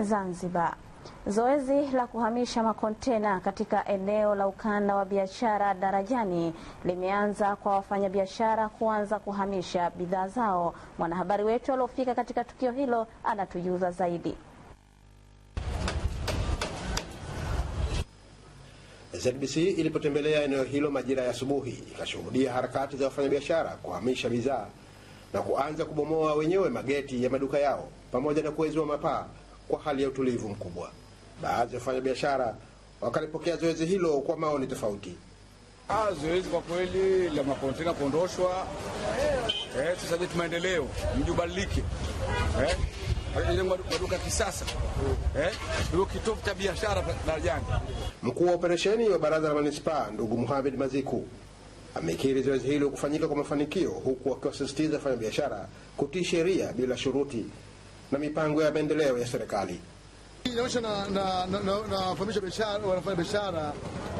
Zanzibar. Zoezi la kuhamisha makontena katika eneo la ukanda wa biashara Darajani limeanza kwa wafanyabiashara kuanza kuhamisha bidhaa zao. Mwanahabari wetu aliofika katika tukio hilo anatujuza zaidi. ZBC ilipotembelea eneo hilo majira ya asubuhi, ikashuhudia harakati za wafanyabiashara kuhamisha bidhaa na kuanza kubomoa wenyewe mageti ya maduka yao pamoja na kuwezwa mapaa kwa hali ya utulivu mkubwa. Baadhi ya wafanyabiashara wakalipokea zoezi hilo kwa maoni tofauti. Ah, zoezi kwa kweli la makontena kuondoshwa, eh, tusabiti tumaendeleo mji ubadilike, eh maduka kisasa eh, ndio kitovu cha biashara darajani. Mkuu wa operesheni wa baraza la manispaa ndugu Muhamed Maziku amekiri zoezi hilo kufanyika kwa mafanikio, huku akiwasisitiza wafanyabiashara kutii sheria bila shuruti na mipango ya maendeleo ya serikali. Inaonyesha na, na, na, na, na wafanya biashara wanafanya biashara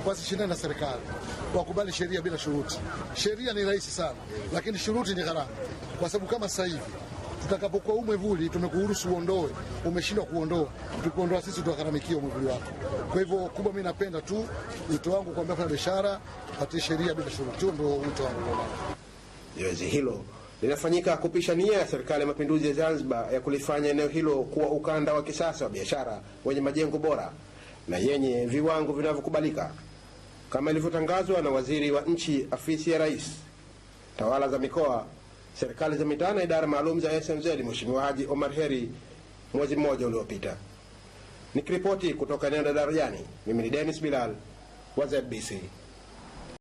wasishindane na serikali, wakubali sheria bila shuruti. Sheria ni rahisi sana, lakini shuruti ni gharama, kwa sababu kama sasa hivi tutakapokuwa huu tumekuruhusu uondoe, umeshindwa kuondoa, tukiondoa sisi tutagharamikia mwevuli wako. Kwa hivyo kubwa, mimi napenda tu wito wangu kuambia wafanya biashara, patie sheria bila shuruti. Huo ndio wito wangu. Zoezi hilo linafanyika kupisha nia ya serikali ya mapinduzi ya Zanzibar ya kulifanya eneo hilo kuwa ukanda wa kisasa wa biashara wenye majengo bora na yenye viwango vinavyokubalika kama ilivyotangazwa na waziri wa nchi afisi ya rais, tawala za mikoa, serikali za mitaa na idara maalum za SMZ, Mheshimiwa Haji Omar Heri mwezi mmoja uliopita. Nikiripoti kutoka eneo la Darajani, mimi ni Dennis Bilal wa ZBC.